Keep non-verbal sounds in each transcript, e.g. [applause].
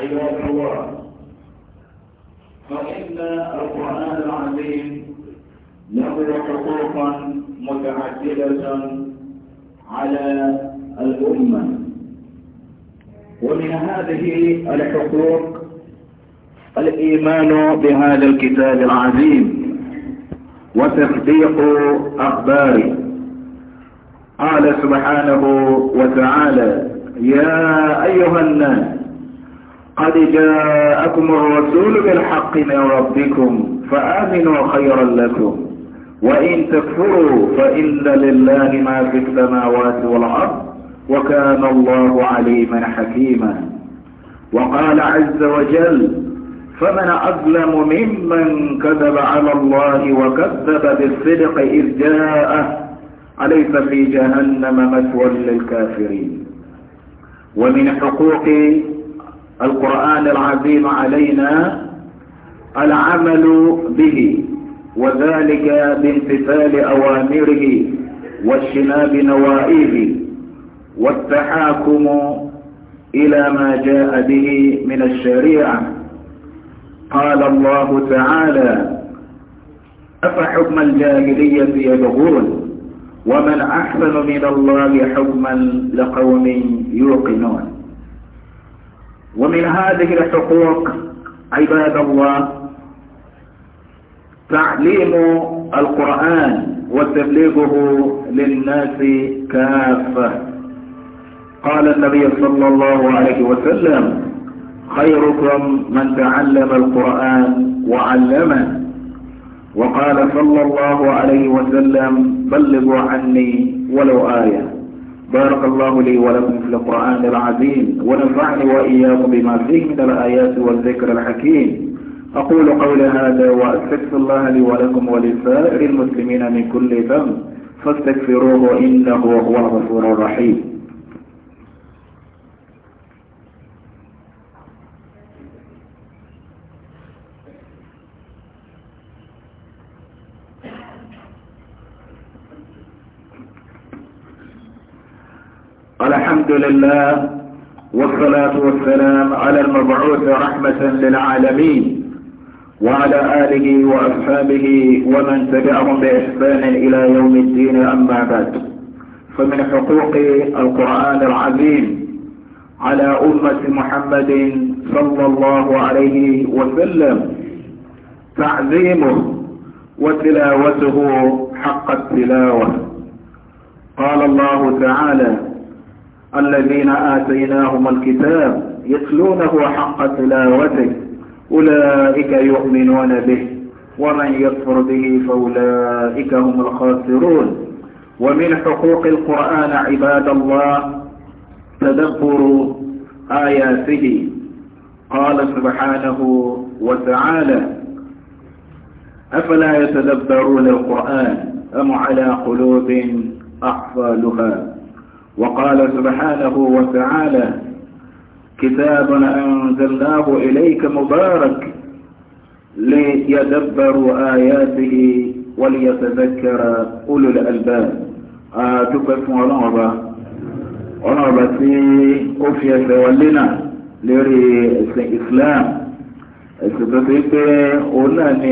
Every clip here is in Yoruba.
عباد الله فإن القرآن العظيم له حقوقا متعددة على الأمة ومن هذه الحقوق الإيمان بهذا الكتاب العظيم وتصديق أخباره قال سبحانه وتعالى يا أيها الناس قد جاءكم الرسول بالحق من ربكم فآمنوا خيرا لكم وإن تكفروا فإن لله ما في السماوات والأرض وكان الله عليما حكيما وقال عز وجل فمن أظلم ممن كذب على الله وكذب بالصدق إذ جاءه أليس في جهنم مثوى للكافرين ومن حقوق القرآن العظيم علينا العمل به وذلك بامتثال أوامره واجتناب نوائه والتحاكم إلى ما جاء به من الشريعة قال الله تعالى أفحكم الجاهلية يبغون ومن أحسن من الله حكما لقوم يوقنون ومن هذه الحقوق عباد الله تعليم القرآن وتبليغه للناس كافة قال النبي صلى الله عليه وسلم خيركم من تعلم القرآن وعلمه وقال صلى الله عليه وسلم بلغوا عني ولو آية بارك الله لي ولكم في القرآن العظيم ونفعني وإياكم بما فيه من الآيات والذكر الحكيم أقول قول هذا وأستغفر الله لي ولكم ولسائر المسلمين من كل ذنب فاستغفروه إنه هو الغفور الرحيم والحمد لله والصلاة والسلام على المبعوث رحمة للعالمين وعلى آله وأصحابه ومن تبعهم بإحسان إلى يوم الدين أما بعد فمن حقوق القرآن العظيم على أمة محمد صلى الله عليه وسلم تعظيمه وتلاوته حق التلاوة قال الله تعالى الذين آتيناهم الكتاب يتلونه حق تلاوته أولئك يؤمنون به ومن يكفر به فأولئك هم الخاسرون ومن حقوق القرآن عباد الله تدبر آياته قال سبحانه وتعالى أفلا يتدبرون القرآن أم على قلوب أحفالها وقال سبحانه وتعالى كتاب أنزلناه إليك مبارك ليدبروا آياته وليتذكر أولو الألباب أتوقع ونعبا الله ọ̀nà ọ̀bà tí ó fi ẹsẹ̀ wọlé náà lérí ẹ̀sìn islam ẹ̀sìn tó ti pé leri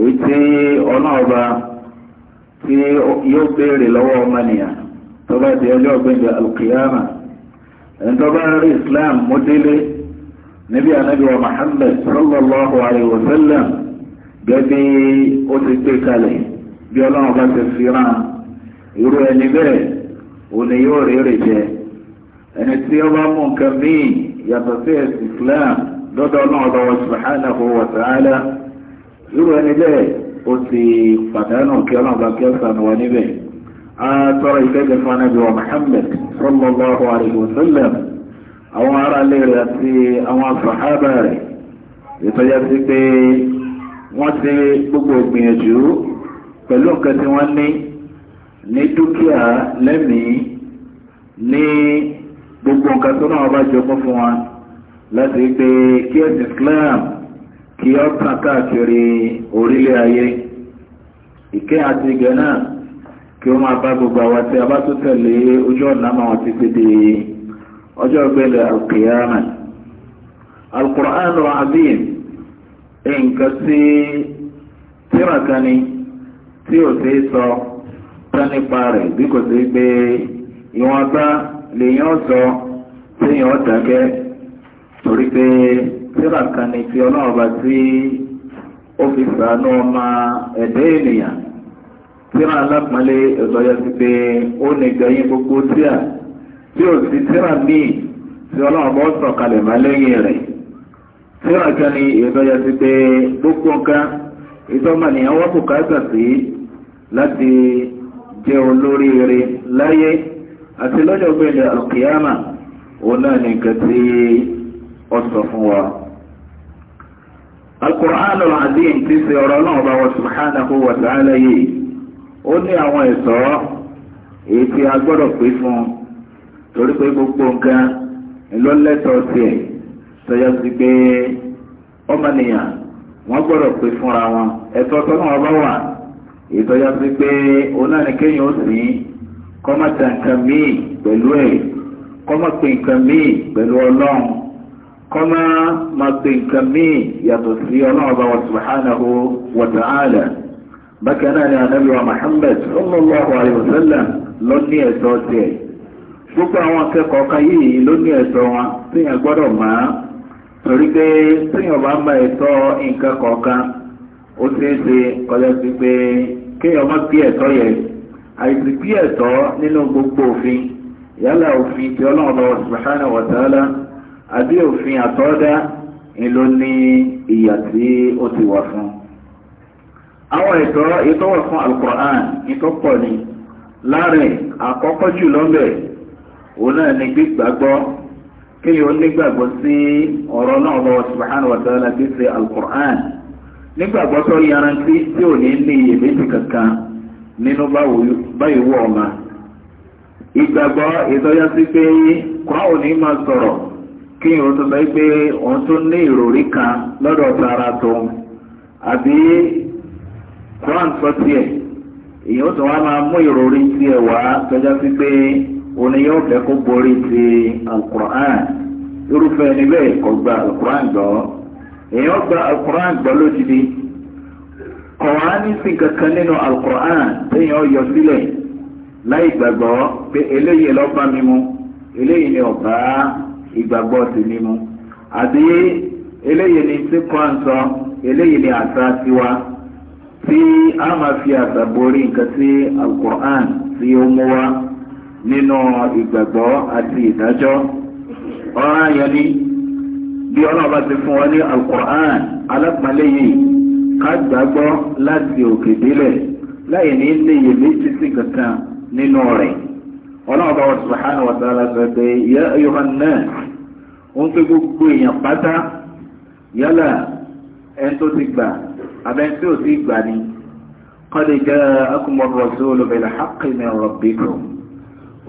esin islam tí yóò béèrè lọ́wọ́ ọmọnìyàn tó bá di ọjọ́ ọ̀gbẹ́jọ alkiyama ẹni tó bá rí islam mú délé níbi ànábì wa muhammad sallallahu alayhi wa sallam gẹ́gẹ́ ó ti gbé kalẹ̀ bí ọlọ́run bá ti fìràn irú ẹni bẹ́ẹ̀ òní yóò rèrè jẹ ẹni tí ó bá mú nǹkan míì yàtọ̀ sí ẹ̀sìn islam lọ́dọ̀ ọlọ́run subhanahu wa ta'ala irú ẹni bẹ́ẹ̀ ó ti pàdánù kí ọlọ́ọ̀bá kí ọ̀sán wọn níbẹ̀ àtọ́rọ̀ ìkẹ́jẹ́ fún wa Muhammad sallallahu alaihi wasallam, sallam àwọn ará ilé rẹ̀ àti àwọn sàhábà rẹ̀ ìtọ́jà sí pé wọ́n ti gbogbo gbìyànjú pẹ̀lú nǹkan tí wọ́n ní ní dúkìá lẹ́mìí ní gbogbo nǹkan tó náà bá jogún fún wa láti gbé kí ẹ̀sìn Islam kí ọ kàn káàkiri orílẹ̀ ayé ìkẹ́ àti ìgẹ̀ náà kí ó máa bá gbogbo àwọn tí a bá tó tẹ̀lé ojú ọ̀nà máa ti fi di ọjọ́ ìgbẹ́lẹ̀ alkiyama alkur'an azim nǹkan tí tírakani tí sọ tán nípa rẹ̀ bí kò sí sọ torí Sira kan ní fi ọlọ́run bá tí ó fi sànú ọmọ ẹ̀dá ènìyàn tíra alápọ̀nlé ìtọ́jọ́ ti pé ó ní gẹ̀yìn gbogbo tíà tí ò sí tíra míì tí ọlọ́run bá sọ̀kalẹ̀ má lẹ́yìn rẹ̀ tíra kan ní ìtọ́jọ́ ti pé gbogbo nǹkan ìtọ́mọ̀nìyàn wọ́n bùkátà sí láti jẹ́ olóríire láyé àti lọ́jọ́ gbẹ̀lẹ̀ àlùkìyàmà òun náà ní nǹkan tí ọ sọ fún wa. alukur'an al-azim ti ṣe ọ̀rọ̀ náà bá a gbọ́dọ̀ pé fún un ọba ala kọ́má máa pe nǹkan míì yàtọ̀ sí ọlọ́run wa ta'ala ni anabi wa muhammed sallallahu alayhi wa sallam ló àwọn akẹ́kọ̀ọ́ kan yìí ló ní ẹ̀tọ́ wọn tíyẹn gbọ́dọ̀ máa torí pé tíyẹn bá máa ẹ̀tọ́ nǹkan kọ̀ọ̀kan ó ṣeé kọjá sí pé kéèyàn má àbí òfin àtọ́dá ìlò A ìyà tí ó ti wà fún àwọn ẹ̀tọ́ ìtọ́wọ̀ fún alukur'an ìtọ́pọ̀ ni láàrin àkọ́kọ́ jù lọ́bẹ̀ òun náà ni gbígbàgbọ́ kí ni ó nígbàgbọ́ sí ọ̀rọ̀ náà lọ́wọ́ subhanahu wa ta'ala bí ṣe alukur'an nígbàgbọ́ tó yarantí tí ò ní ní iyèméjì kankan nínú báyìí wọ̀ ọ̀ma ìgbàgbọ́ ìtọ́já sí pé máa sọ̀rọ̀ kí tó sọ pé òun tó ní ìròrí kan lọ́dọ̀ tara tóun àbí Quran sọ tiẹ̀ èyí ó wá máa mú ìròrí tiẹ̀ wá tọ́já sí pé òun ni yóò fẹ́ kó borí ti alukur'an irúfẹ́ ẹni kò gba alukur'an gbọ́ èyí ó gba alukur'an gbọ́ lójijì ní sí kankan nínú alukur'an téèyàn yọ sílẹ̀ láì gbàgbọ́ pé eléyìí bá mi mu ìgbàgbọ́ sí ni mu àbí eléyìí ni tí kan sọ eléyìí ni àṣà tiwa tí a máa fi àṣà borí nǹkan tí alukur'an tí ó mú wa nínú ìgbàgbọ́ àti ìdájọ́ ọ̀rọ̀ ayọ̀ ni bí ọlọ́ọ̀bá ti fún wa ní alukur'an alápàlẹ́ yìí ká gbàgbọ́ láti òkè délẹ̀ láì ní léyè méjì sí kankan nínú rẹ̀ ọlọ́run bá wọn subhanahu wa ta'ala sọ pé ya ayyuhan nas ó ń pé gbogbo èèyàn pátá yálà ẹni tó ti gbà abẹ́ni tí ò ti gbà ni qad ja'akumu ar-rasulu bil haqqi min rabbikum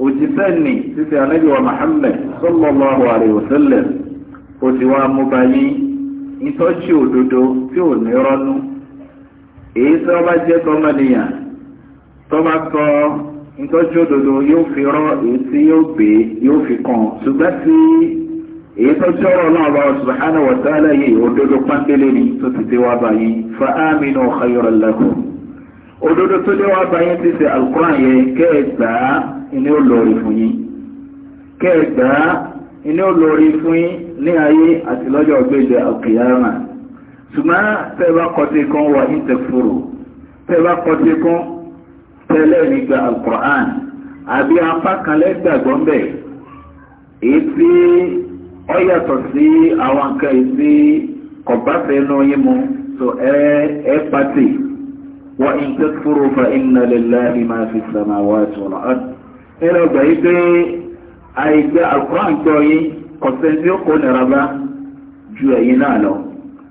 òjíṣẹ́ ni títí ànábì wa Muhammad sallallahu alayhi wa sallam ó ti wá mú báyìí ìtọ́jú òdodo tí ò ní rọ́nú èyí tí wọ́n bá jẹ́ tọ́mọnìyàn tó nítọ́jú òdodo yóò fi rán èyí tí yóò gbé yóò fi kàn ṣùgbọ́n tí èyí tó jọ́rọ̀ náà bá subhanahu wa ta'ala yìí òdodo pọ́ńpélé ni tó ti dé wá báyìí fa aminu khayran lakum òdodo tó dé wá báyìí ti ṣe alukuran yẹ kẹ́ẹ̀gbá ilé olórí fún yín kẹ́ẹ̀gbá ilé olórí fún yín ní ayé àti lọ́jọ́ ọ̀gbẹ́jẹ al ṣùgbọ́n tẹ́lẹ̀ nígbà alukur'an àbí apá kan lẹ́gbàgbọ́ ń bẹ̀ èyí tí ó yàtọ̀ sí àwọn nǹkan èyí tí kọ̀báfẹ́ nù yín mu tó ẹ ẹ pàtì wọ́n ń tẹ́ fúru fa inna lillahi ma fi samawati wal ard. nínú ọgbà yìí pé àìgbé alukur'an jọ yín kọ̀sẹ́ tí ó kó nira bá ju ẹ̀yin náà lọ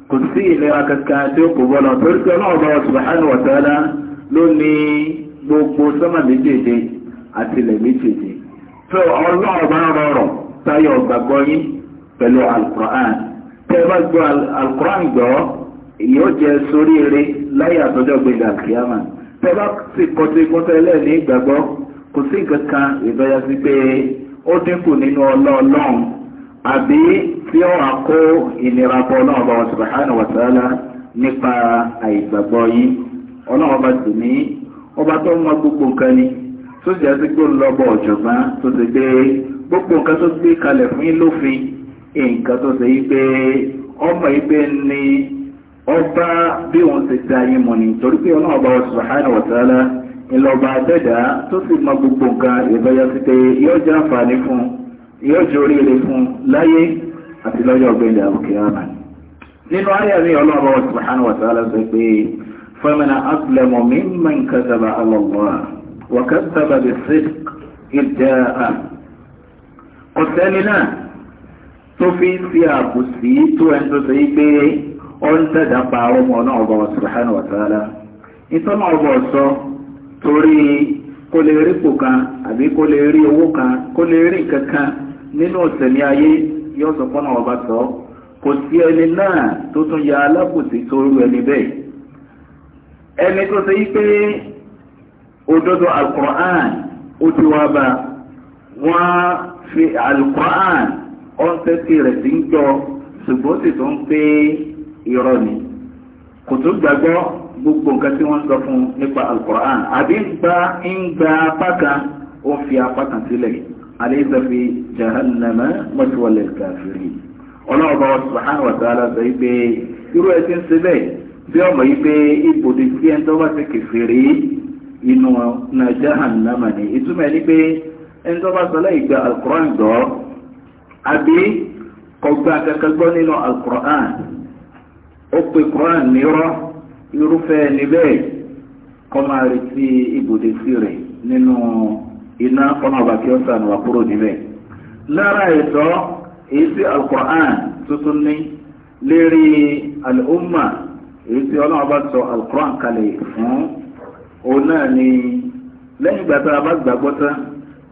kò sí ìlera kankan tí ó kò bọ́ lọ torí pé ọlọ́run bá wa subhanahu wa ta'ala ló gbogbo sọ́mà méjèèjì àtìlẹ̀ méjèèjì tó ọlọ́run bá rọrùn táyọ̀ gbàgbọ́ yín pẹ̀lú alukur'an tẹ́ bá gbọ́ alukur'an gbọ́ yóò jẹ́ sórí eré láyé àtọ́jọ́ gbẹ̀dẹ̀ àkíyàmà tẹ́ bá sì kọtí kọtẹ́ lẹ́ẹ̀ní ìgbàgbọ́ kò sí nǹkan kan ìdọ́yà sí pé ó dínkù nínú ọlọ́ọ̀lọ́run àbí tí ó wà kó ìnira bọ́ náà wa subhanahu wa ta'ala nípa àìgbàgbọ́ yín ọlọ́run bá ní ọba tó mọ gbogbo nǹkan ni tó sì jásí pé lọ́bọ̀ ọ̀jọ̀gbọ́n tó ti pé gbogbo nǹkan tó gbé kalẹ̀ fún yín lófin nǹkan tó ṣe yí pé ọmọ yí pé ni ọba bí òun ti da yín mọ̀ ni torí pé ọlọ́run ọba subhanahu wa ta'ala ńlọba dẹ́dà tó sì mọ gbogbo nǹkan ìbáyọ̀ sí pé yóò jẹ́ àǹfààní fún yóò jẹ́ oríire fún láyé àti lọ́jọ́ ọ̀gbẹ́lẹ̀ àbùkẹ́ àmà nínú ayé mi ọlọ́run ọba subhanahu wa ta'ala sọ pé فمن أظلم ممن كذب على الله وكذب بالصدق إذ جاءه ọ̀sẹ́ni náà tó fi ń fi àbùsí tó ẹni tó sọ yìí pé ó ń tẹ̀dá pa ọmọ náà ọba subhanahu wa ta'ala ìtọ́nà ọba ọ̀sọ́ torí kó lè rí pò kan àbí kó lè rí owó kan kó lè rí nǹkan kan nínú ọ̀sẹ̀ni ayé yóò ọba sọ kò sí ẹni náà tó tún ya alábùsí tó rú ẹni bẹ́ẹ̀ ẹni tó ṣe pé òdodo alukur'an ó ti wá bá wọ́n fi alukur'an ọ̀sẹ̀ tí rẹ̀ sí ń jọ ṣùgbọ́n sì tún pé irọ́ ni kò tó gbàgbọ́ gbogbo nǹkan tí wọ́n sọ fún nípa alukur'an àbí ń gba ń gba apá kan ó fi apá kan sílẹ̀ alaysa jahannama mọ́tíwọlẹ̀ kàfírí ọlọ́ọ̀bá wa subhanahu wa ta'ala sọ pé irú ẹ̀ ti ń ṣe bẹ́ẹ̀ bí ọmọ yìí pé ibòde tí ẹni tó bá ti kèfèrí inú jahannama ni ìtumọ̀ ẹni pé ẹni tó bá sọ lẹ́yìn gba alukur'an gbọ́ àbí kọgbà kankan gbọ́ nínú alukur'an ó pe kur'an nírọ́ irúfẹ́ ẹni bẹ́ẹ̀ kọ́ máa retí ibòde sí rẹ̀ nínú iná kọ́nà kí ó sànù wá níbẹ̀ lára ẹ̀tọ́ èyí sí alukur'an tuntun ní lérí al'umma èyí tí ọlọ́run bá sọ alukuran kalẹ̀ fún òun náà ni lẹ́yìn ìgbà tá a bá gbàgbọ́ tán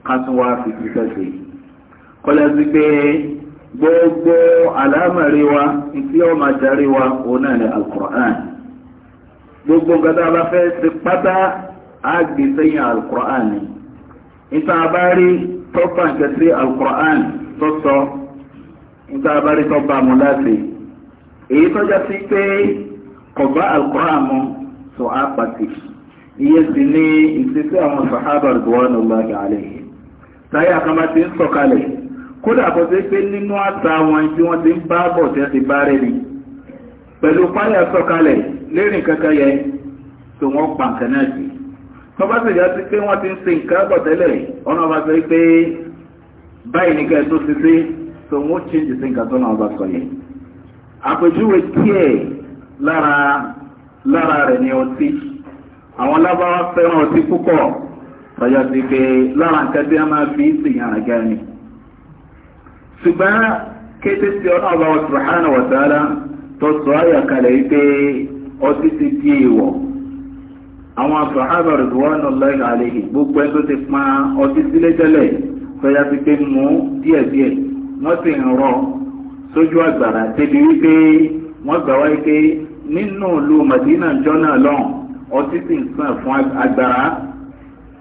ká tún wá fi ṣiṣẹ́ sí i kọ́lẹ́ sí pé gbogbo àlámọ̀rí wa tí ó máa darí wa òun náà ni alukuran gbogbo nǹkan tá a bá fẹ́ ṣe pátá á gbé sẹ́yìn alukuran ni níta bá rí tọ́pà nǹkan sí alukuran tó sọ níta bá rí tọ́pà láti èyí tó já sí pé. kọ̀gbá alukóran mu sọ á pàtì iye sì ní ìṣesí àwọn sàhábà rìdùwánù lọ́ọ̀kì àlẹ́yìn táyà kan bá ti ń sọ̀kalẹ̀ kódà kó ṣe pé nínú àṣà wọn tí wọ́n ti ń bá bọ̀ tẹ́ ti bá rẹ̀ ni pẹ̀lú páyà sọ̀kalẹ̀ lérìn kankan yẹ tó wọ́n pa nǹkan náà sí tọ́ba sì yá sí pé wọ́n ti ń ṣe nǹkan bọ̀ tẹ́lẹ̀ ọ̀nà ọba sọ pé báyìí nìkan tó ṣe sí tó wọ́n change sí nǹkan tó náà ọba sọ àpèjúwe lára lára rẹ̀ ni ọtí àwọn lábáwá fẹ́ràn ọtí púpọ̀ tọ́jọ́ sí pé lára nǹkan tí a máa fi sèyàn àgá ni ṣùgbọ́n kéte sí ọ̀nà ọba subhanahu wa tó sọ kalẹ̀ wípé ọtí ti di èèwọ̀ àwọn gbogbo tó ti pa ọtí sílé tẹ́lẹ̀ tọ́jọ́ sí pé mú díẹ̀díẹ̀ wọ́n sì ń rọ sójú àgbàrá débi wípé wọ́n gbà wáyé pé nínú ìlú madina jọ́nà lọ́hùn ọtí sì ń sàn fún agbára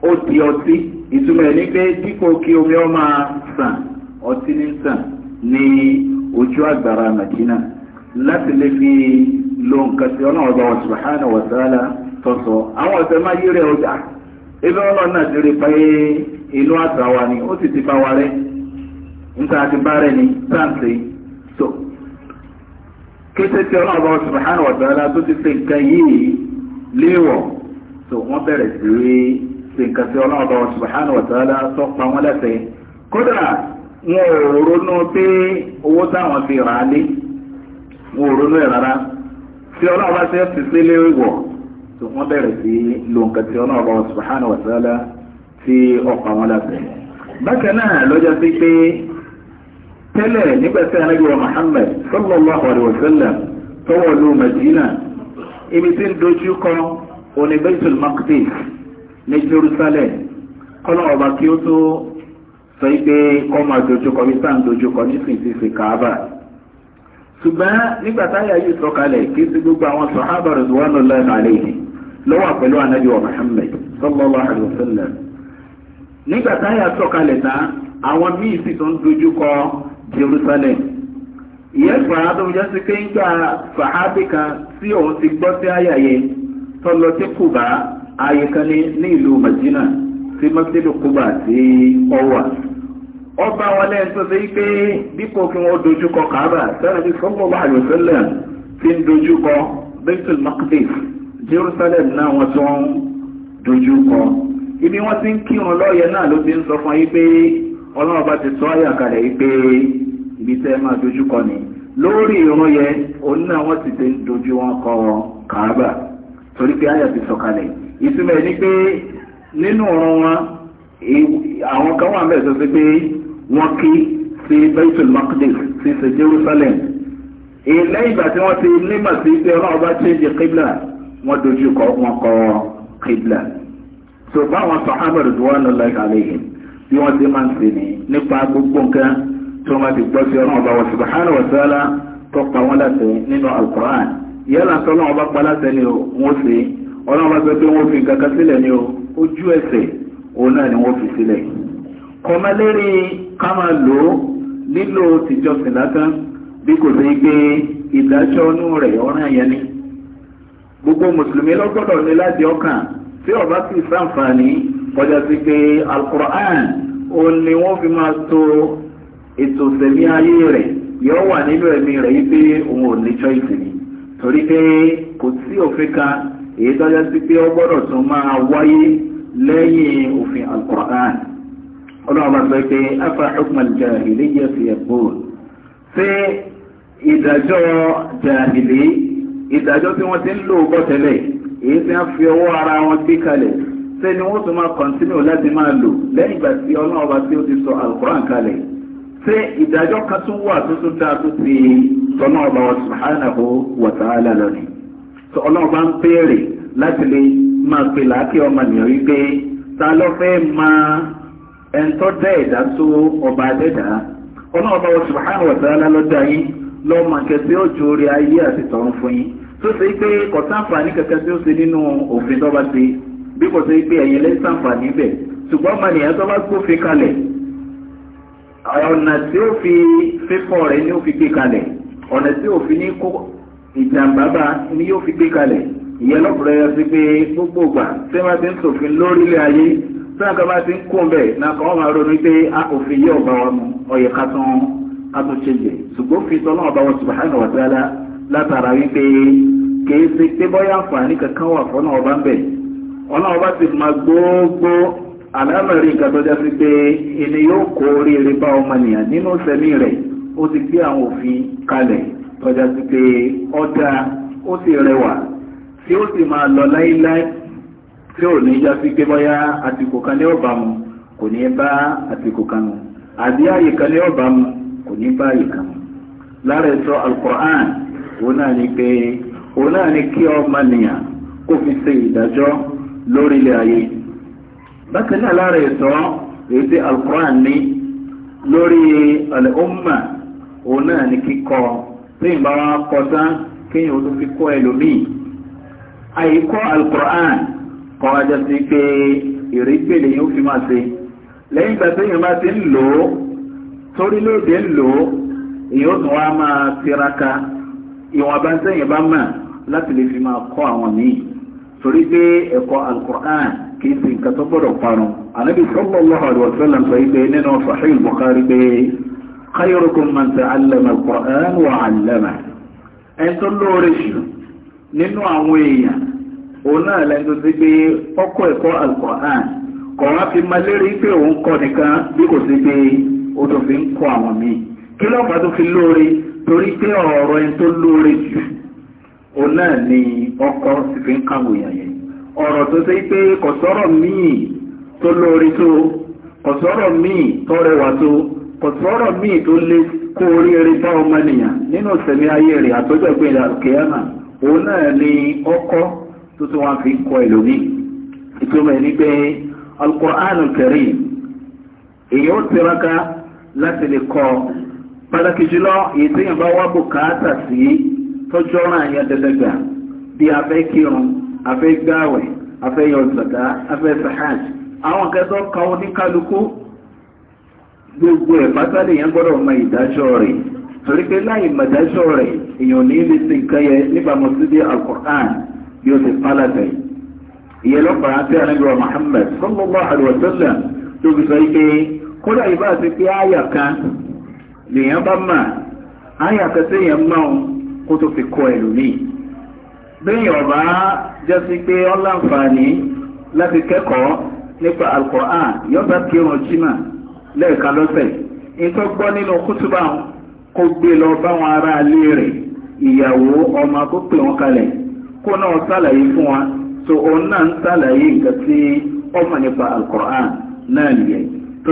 ó di ọtí ìtumọ̀ ẹ̀ ní pé dípò kí omi ọ máa sàn ọtí ní madina láti lè fi lo nǹkan tí ọlọ́run ọba wa subahana tọ̀sọ̀ àwọn ọ̀sẹ̀ máa yí rẹ̀ ọjà ebi ọlọ́run náà ti rí i pé inú àtàwà ni ó ti bá wa rẹ̀ ti bá rẹ̀ kété tí ọlọ́ọ̀bá subhanahu wa ta'ala tó ti ṣe nǹkan yìí léèwọ̀ tó wọ́n bẹ̀rẹ̀ sí rí ṣe nǹkan tí ọlọ́ọ̀bá subhanahu wa ta'ala tó pa wọ́n lẹ́sẹ̀ kódà wọn ò ronú pé owó táwọn fi rà á lé wọn ò ronú ẹ̀ rárá tí ọlọ́ọ̀bá ṣe ti ṣe léèwọ̀ tó wọ́n bẹ̀rẹ̀ sí lo nǹkan tí ọlọ́ọ̀bá subhanahu wa tí ọ̀pá wọn lẹ́sẹ̀ bákan náà lọ́jọ́ tẹ́lẹ̀ nígbà tí a nábì wa Muhammad sallallahu alaihi wa sallam tọwọ́ lu Madina ibi tí ń dojú kọ òní Baitul Maqdis ní Jerusalem kọ́nà ọba kí ó tó sọ pé kọ́ máa dojú kọ bí sáà ń dojú kọ nísìnyí ti Kaaba ṣùgbọ́n nígbà táyà yìí sọ̀kalẹ̀ kí sí gbogbo àwọn sọ̀hábà ridwanullahi alayhi lọ́wọ́ pẹ̀lú ànábì wa Muhammad sallallahu alaihi wa sallam nígbà táyà sọ̀kalẹ̀ tán àwọn míì sì tún dojú kọ Jerusalem ìyẹn fàá tó jẹ́ sí pé ń gba fàhábì kan tí òun ti gbọ́ sí àyà yẹn tó lọ sí Kùbá ààyè kan ní ní ìlú Madina sí mọ́sílù Kùbá tí ó wà ọba wọn lẹ́yìn tó ṣe pé dípò kí wọ́n dojúkọ Kaaba sẹ́nà bí fọ́nbọ̀n bá ti ń dojúkọ Baitul Maqdis Jerusalem náà wọ́n tó ń dojúkọ ibi wọ́n ti ń kírun lọ́ọ̀yẹ náà ló ti ń sọ fún ayé pé ọlọ́run bá ti sọ àyà kalẹ̀ yìí pé ibi tẹ́ máa dojú kọ ni lórí irun yẹn òun náà wọ́n ti ti ń dojú wọn kọ kàábà torí pé àyà ti sọ kalẹ̀ ìtumọ̀ ni pé nínú ọ̀rọ̀ wọn àwọn kan wà mẹ́ẹ̀ sọ sí pé wọ́n kí sí Baitul Maqdis sí sí Jerusalem ilẹ̀ ìgbà tí wọ́n ti nímọ̀ sí pé ọlọ́run bá ṣéǹjì kíblà wọ́n dojú kọ wọn kọ kíblà so báwọn sọ ábẹ̀rẹ̀ tó wà lọ́lá ìkàlẹ̀ yìí bí wọ́n ti máa ń sè ní nípa gbogbo nǹkan tí wọ́n máa ti gbọ́ sí ọlọ́run ọba wọn subhanahu wa ta'ala tó pa wọ́n láṣẹ nínú alukoran yálà sọ ọlọ́run ọba pa láṣẹ ni wọ́n ṣe ọlọ́run ọba sọ pé wọ́n fi nǹkan sílẹ̀ ni ojú ẹsẹ̀ òun náà ni wọ́n fi sílẹ̀ kọ́mọlérí ká máa lò ó nílò tìjọsìn lásán bí kò sí gbé ìdájọ́ inú rẹ̀ ọ̀ràn yẹn ni gbogbo mùsùlùmí lọ́gbọ́dọ̀ ní láti ọkàn tí ọba sì ṣàǹfààní kọjá sí pé alukur'an ó ní wọ́n fi máa to ètò sẹ̀mí ayé rẹ̀ yóò wà nínú ẹ̀mí rẹ̀ yí pé òun ò ní choice ni torí pé kò sí òfin kan èyí tọ́já sí pé ó gbọ́dọ̀ tún máa wáyé lẹ́yìn òfin alukur'an ọlọ́run sọ pé afa hukm al-jahiliyya yaqul ṣé ìdájọ́ jahili ìdájọ́ tí wọ́n ti ń lò bọ́ èyí tí wọ́n fi ọwọ́ ara wọn gbé kalẹ̀ ṣe ni wọ́n tún máa kọ̀ntínú láti máa lò lẹ́yìn ìgbà tí ọlọ́run ọba tí ó ti sọ alukoran kalẹ̀ ṣé ìdájọ́ kan tún wà tó tún dáa tó ti sọ́nà ọba wa subhanahu wa ta'ala lónìí tó ọlọ́run bá ń béèrè láti lè máa pè láàkì ọmọ nìyẹn wípé ta ló fẹ́ máa ẹ̀ńtọ́ dẹ́ ẹ̀dá tó ọba adẹ́dá ọlọ́run ọba wa subhanahu wa ta'ala lọ́dọ̀ yín lọ́mọ kẹsí òjò orí ayé àti tọ̀run fún yín tó ṣe pé kọ̀tàǹfà bí kò sí pé ẹ̀yìn lẹ́sàǹfà níbẹ̀ ṣùgbọ́n ma nìyàn tó bá gbófin kalẹ̀ ọ̀nà tí ó fi fífọ́ rẹ̀ ni ó fi gbé kalẹ̀ ọ̀nà tí ó fi ní kó ìjàmbá bá ni yóò fi gbé kalẹ̀ ìyẹn lọ́pọ̀lọ́ yọ sí pé gbogbo ìgbà tí wọ́n ti ń ṣòfin lórílẹ̀ ayé tí wọ́n kan bá ti ń kó bẹ̀ náà kàn máa ronú pé a kò fi yí ọ̀bá wọn mu ọ̀yẹ̀ ká tán ká tó ṣe jẹ ṣùgbọ́n fi tọ́lọ́ ọ̀bá wọn subhanahu wa ta'ala látara wípé kì í ṣe pé bọ́yá àǹfààní kankan wà fọ́nà ọba ń bẹ̀ ọlọ́run bá ti máa gbogbo àlámẹ̀rí nǹkan tó jásí pé ẹni yóò kó oríire bá ọmọnìyàn nínú sẹ́mi rẹ̀ ó ti gbé àwọn òfin kalẹ̀ tó jásí pé ọ̀dà ó sì rẹwà tí ó sì máa lọ láíláí tí ò ní jásí pé bóyá àsìkò kan ní ọ̀bàmù kò ní bá àsìkò kan mu àbí àyè kan ní ọ̀bàmù kò ní bá àyè kan mu lára ẹ̀sọ́ alukur'an òun náà ni pé òun náà ni kí ọmọnìyàn kó fi ṣe ìdájọ́ lórí ilẹ̀ ayé bákan náà lára ẹ̀tọ́ èyí tí alukoran ní lórí al-umma òun náà ní kíkọ tí ìgbà wọn kọ tán kéèyàn tó fi kọ́ ẹlòmíì àyíkọ́ alukoran kọ́ ajá sí pé ìrìgbèlè yóò fi máa ṣe lẹ́yìn ìgbà tí èèyàn bá ti ń lò ó torílẹ̀-èdè ń lò ó èèyàn tún wá máa tiraka ìwọ̀nba sẹ́yìn bá mà láti lè fi máa kọ́ àwọn míì torí pé ẹ̀kọ́ alukur'an kì í fi nǹkan tó gbọ́dọ̀ parun anabi sallallahu alaihi wasallam sọ yìí pé nínú sahih bukhari pé khayrukum man ta'allama alukur'an wa 'allama ẹ̀ tó lóore jù nínú àwọn èèyàn òun náà lẹ́nu sí pé ọkọ̀ ẹ̀kọ́ òun náà ni ọkọ sì fi ń kàwé èèyàn yẹn ọ̀rọ̀ tó ṣe pé kò sọ̀rọ̀ míì tó lórí tó kò sọ̀rọ̀ míì tó rẹwà tó kò sọ̀rọ̀ míì tó lé kó oríire bá ọmọnìyàn nínú ìsẹ̀mí ayé rẹ̀ àtọ́jọ́ ìpínlẹ̀ àkèyàmà òun náà ni ọkọ tó tún wá fi kọ ẹlòmíì ìtumọ̀ ẹni pé alukur'an kẹrì èyí ó tiraka láti lè kọ pàtàkì jùlọ èyí tí yẹn bá wá bùkátà sí tọ́jọ́ náà yẹn dẹ́dẹ́gbà bí a fẹ́ kírun a fẹ́ gbáwẹ̀ a fẹ́ yọ zàká a fẹ́ sahaj àwọn kẹtọ́ kan oníkálukú gbogbo ẹ̀ pátálì yẹn gbọ́dọ̀ mọ ìdájọ́ rẹ̀ torí pé láì mọ̀dájọ́ rẹ̀ èèyàn ní lè sin nǹkan yẹn níbàámu sí bí al ó ti pálàtẹ̀ ìyẹn lọ́pàá tí a níbi wa Muhammad tó fi sọ ike kódà ìbá àti pé àyà kan lèèyàn bá mà àyà kan tí máa kó tó fi kọ́ ẹlòmíì. bẹ́ẹ̀ ọ̀bá jẹ́ sí pé ọ̀làǹfààní láti kẹ́kọ̀ọ́ nípa alukur'an yọba kí wọn jimá lẹ́ẹ̀ka lọ́sẹ̀ ìtọ́ gbọ́ nínú kútùbà kó gbé lọ báwọn ará alé rẹ̀ ìyàwó ọmọ kó pè wọn kalẹ̀ kó náà sàlàyé fún wa òun náà ń sàlàyé nǹkan tí ọmọ nípa náà nìyẹn tó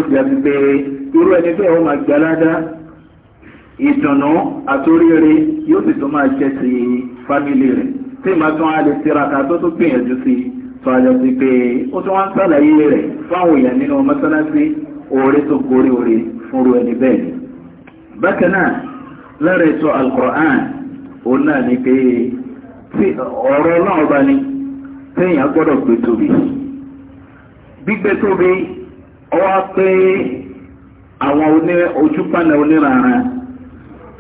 ìdùnnú àtóríire yóò sì tó máa jẹ́ ti fámílì rẹ̀ tí màá tún á lè tiraka tó tún gbìyànjú sí tó sí pé ó tún wá sàlàyé rẹ̀ fáwọn èèyàn nínú mọ́sálásí orí tó gorí oore fúnru ẹni bẹ́ẹ̀ ni. bákan náà ètò òun náà ni pé ọ̀rọ̀ náà bá ní téèyàn gbọ́dọ̀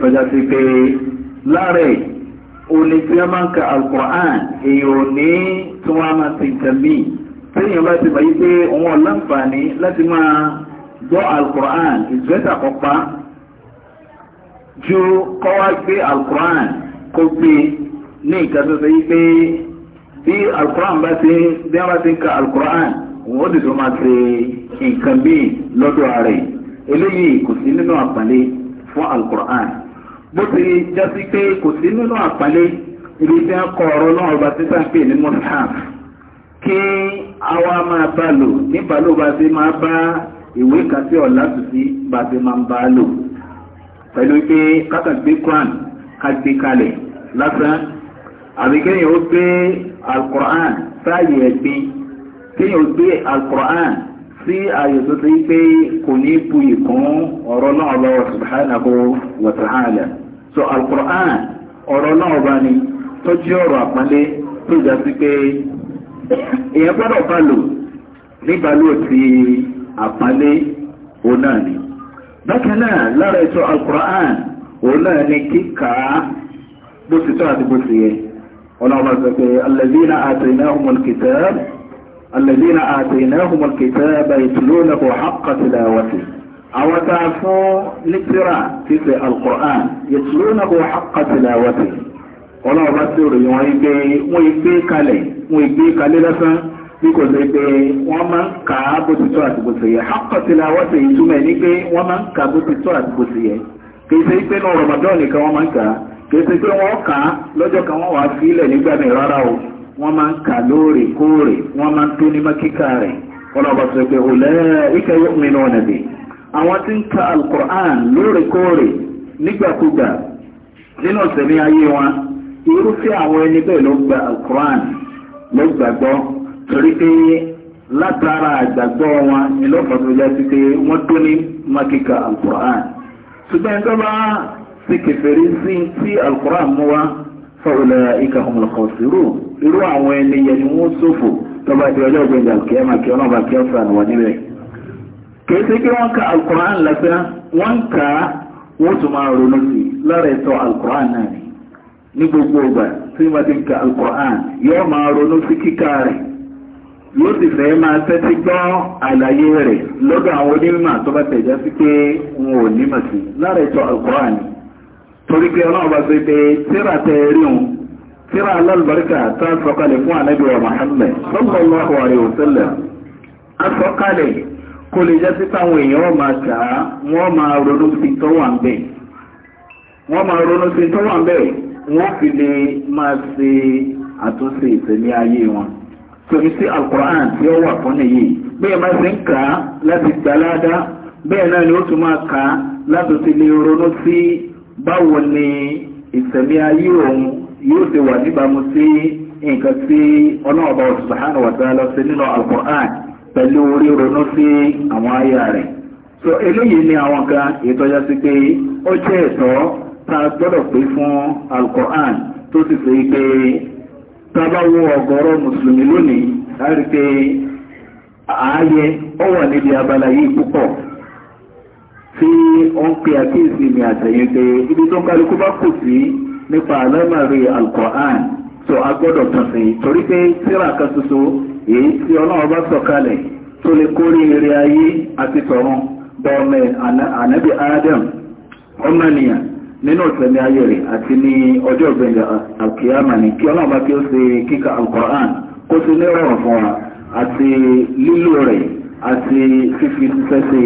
tọ́já sí pé láàrẹ̀ òní tí wọ́n máa ń ka alukur'an èèyàn ò ní tí wọ́n máa ti nǹkan mí téèyàn bá ti bàyí pé òun ò láǹfààní láti máa gbọ́ alukur'an ìjọ́sà kọ́pa ju kọ́wá gbé alukur'an kó gbé ní nǹkan tó sọ yí pé bí alukur'an bá ti bí wọ́n bá ti ń ka alukur'an òun ó sì máa ṣe nǹkan bíi lọ́dọ̀ ààrẹ eléyìí kò sí nínú àpàlẹ́ fún alukur'an bó ti jẹ́ sí pé kò sí nínú àpálẹ́ ibi tí wọ́n kọ ọ̀rọ̀ náà ọba títà pé ní mọ́sáàf kí àwa máa bá lò nípa ló bá ti máa bá ìwé kan sí ọ̀la tùsí bá ti máa bá lò pẹ̀lú pé kákan quran ká kalẹ̀ lásán àbí kéèyàn ó gbé alukur'an sáàyè ẹ̀gbin kéèyàn ó gbé alukur'an sí ààyè tó ti pé kò ní buyì kún ọ̀rọ̀ náà lọ subhanahu wa ta'ala so alukur'an ọ̀rọ̀ náà bá ní tó jẹ́ ọ̀rọ̀ àpọ́nlé tó jà sí pé èèyàn gbọ́dọ̀ bá lò níbalò ti àpọ́nlé òun náà ni bákan náà lára ètò alukur'an òun náà ni kíkà bó ti tọ́ àti bó ti yẹ ọlọ́run bá sọ pé alẹ́bíná àtẹ̀yìnà ọmọlùkìtẹ́ alẹ́bíná àtẹ̀yìnà ọmọlùkìtẹ́ bá ìtùlónà kò hàkàtìlà wàtí. àwọn tá a fún lítírà fífẹ́ alukur'an yẹtùlónàbọ̀ na ọlọ́run bá sọ̀rọ̀ yìí wọ́n gbé wọ́n gbé kalẹ̀ wọ́n gbé kalẹ̀ lásán bí kò sí pé wọ́n máa ń bó ti tọ́ àti bó ti yẹ àkàtìláwàtì ìtumọ̀ ní pé wọ́n máa ń bó ti tọ́ àti bó ti yẹ ṣe pé náà nìkan wọ́n máa ń ṣe pé wọ́n lọ́jọ́ kan wọ́n wàá nígbà mi rárá o wọ́n máa ń lóòrèkóòrè wọ́n máa ń tó rẹ̀ sọ pé yóò àwọn tí ń ka alukur'an lóòrèkóòrè nígbàkúgbà nínú ọ̀sẹ̀mí ayé wọn irúfẹ́ àwọn ẹni bẹ́ẹ̀ ló gba alukur'an ló gbàgbọ́ torí pé látara àgbàgbọ́ wọn ni lọ́fọ̀ọ́ tó yá sí pé wọ́n tó ní mákìka alukur'an ṣùgbọ́n ẹgbẹ́ bá ti kẹfẹ́rí sí tí alukur'an mú wa fọwọ́lẹ̀ ikahumul khasirun irú àwọn ẹni yẹn ni wọ́n ṣòfò tọ́ba ìdíwájú ọ̀gbìn ìjà kẹ́ẹ̀mà kí ọlọ́ba kí ọ̀sán wà ka ṣe kí wọ́n ka alukur'an lásán wọ́n ka wọ́n tún máa ronú na ni gbogbo ọgbà tí wọ́n ti ń ka alukur'an yóò máa ronú sí kíkà rẹ̀ yóò sì fẹ́ máa tẹ́tí gbọ́ àlàyé rẹ̀ lọ́dọ̀ àwọn onímọ̀ tó bá tẹ̀já sí pé wọn ò ní mọ̀ sí ni torí pé ọlọ́run bá pé tíra tẹ tíra alálùbáríkà tá wa a kó lè jẹ́ sí táwọn èèyàn máa kà á wọ́n máa ronú sí tó wà ń bẹ̀ wọ́n máa ronú sí tó wà ń bẹ̀ wọ́n fi lè máa ṣe àtúnṣe ìtẹ̀lé ayé wọn torí sí alukur'an tí ó wà fún nìyí bẹ́ẹ̀ máa ṣe ń kà á láti gbà ládàá bẹ́ẹ̀ náà ni ó tún máa kà á láti ti lè ronú sí báwo ni ìtẹ̀lé ayé òun yóò ṣe wà níbàámu sí nǹkan tí ọlọ́ọ̀bá subhanahu wa ta'ala ṣe nínú alukur'an pẹ̀lú orí ronú sí àwọn aya rẹ̀ so eléyìí ni àwọn kan ìtọ́já sí pé ó jẹ́ ẹ̀tọ́ tá a gbọ́dọ̀ pé fún alukoran tó sì fi pé tábà wo ọ̀gọ̀rọ̀ mùsùlùmí lónìí láti pé ààyè ó wà níbi abala yìí púpọ̀ tí ó ń pe àkíyèsí mi àtẹ̀yìn pé ibi tó ń kálukú bá kù sí nípa àlámàrí alukoran so a gbọ́dọ̀ tàn sí torí pé síra kan ṣoṣo èyí tí ọlọ́run bá sọ̀kalẹ̀ tó lè kórí eré ayé àti tọ̀run bọ́ọ̀mẹ́ adam ọmọnìyàn nínú ìtẹ̀mí ayé rẹ̀ àti ní ọjọ́ ìgbẹ̀yìn alkiyama kí ọlọ́run bá kí ó ṣe kíkà alkoran kó ní fún wa àti lílò rẹ̀ àti fífi ṣiṣẹ́ sí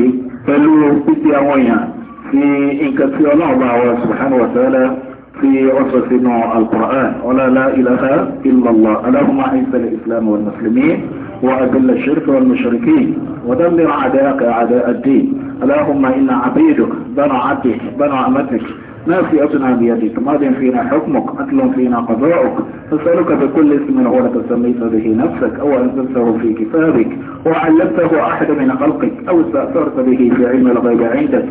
pẹ̀lú pípé àwọn èèyàn sí tí في نوع القرآن ولا لا إله إلا الله اللهم أعز الإسلام والمسلمين وأذل الشرك والمشركين ودمر أعداءك أعداء الدين اللهم إنا عبيدك بنو عبدك بنو عمتك نافئتنا بيدك ماض فينا حكمك أتل فينا قضاؤك نسألك بكل اسم هو لك سميت به نفسك أو أنزلته في كتابك وعلمته أحد من خلقك أو استأثرت به في علم الغيب عندك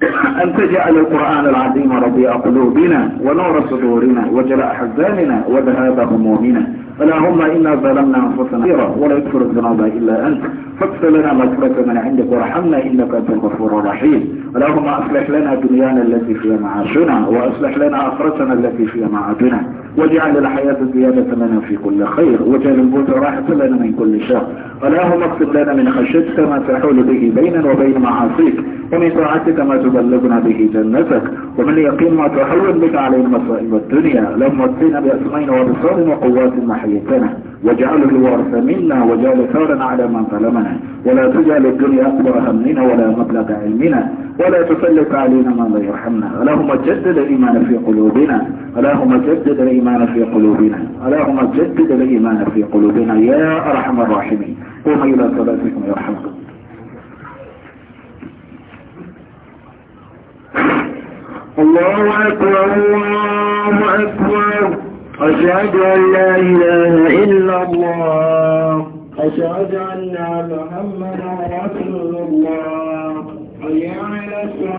[coughs] أن تجعل القرآن العظيم رضي قلوبنا ونور صدورنا وجلاء حزاننا وذهاب همومنا اللهم إنا ظلمنا أنفسنا كثيرا ولا يغفر الذنوب إلا أنت فاغفر لنا مغفرة من عندك وارحمنا إنك أنت الغفور الرحيم اللهم أصلح لنا دنيانا التي فيها معاشنا وأصلح لنا آخرتنا التي فيها معادنا واجعل الحياة زيادة لنا في كل خير واجعل الموت راحة لنا من كل شر اللهم اكتب لنا من خشيتك ما تحول به بيننا وبين معاصيك ومن طاعتك ما تبلغنا به جنتك ومن يقين ما تحول بك علينا مصائب الدنيا اللهم وفقنا بأسمين وبصار وقوات ما واجعله الورث منا وجعل ثارا على من ظلمنا ولا تجعل الدنيا أكبر همنا ولا مبلغ علمنا ولا تسلط علينا من لا يرحمنا اللهم جدد الإيمان في قلوبنا اللهم جدد الإيمان في قلوبنا اللهم جدد الإيمان في قلوبنا يا أرحم الراحمين قوم إلى صلاتكم يرحمكم الله أكبر الله أكبر أشهد أن لا إله إلا الله أشهد أن محمدا رسول الله حي على الصلاة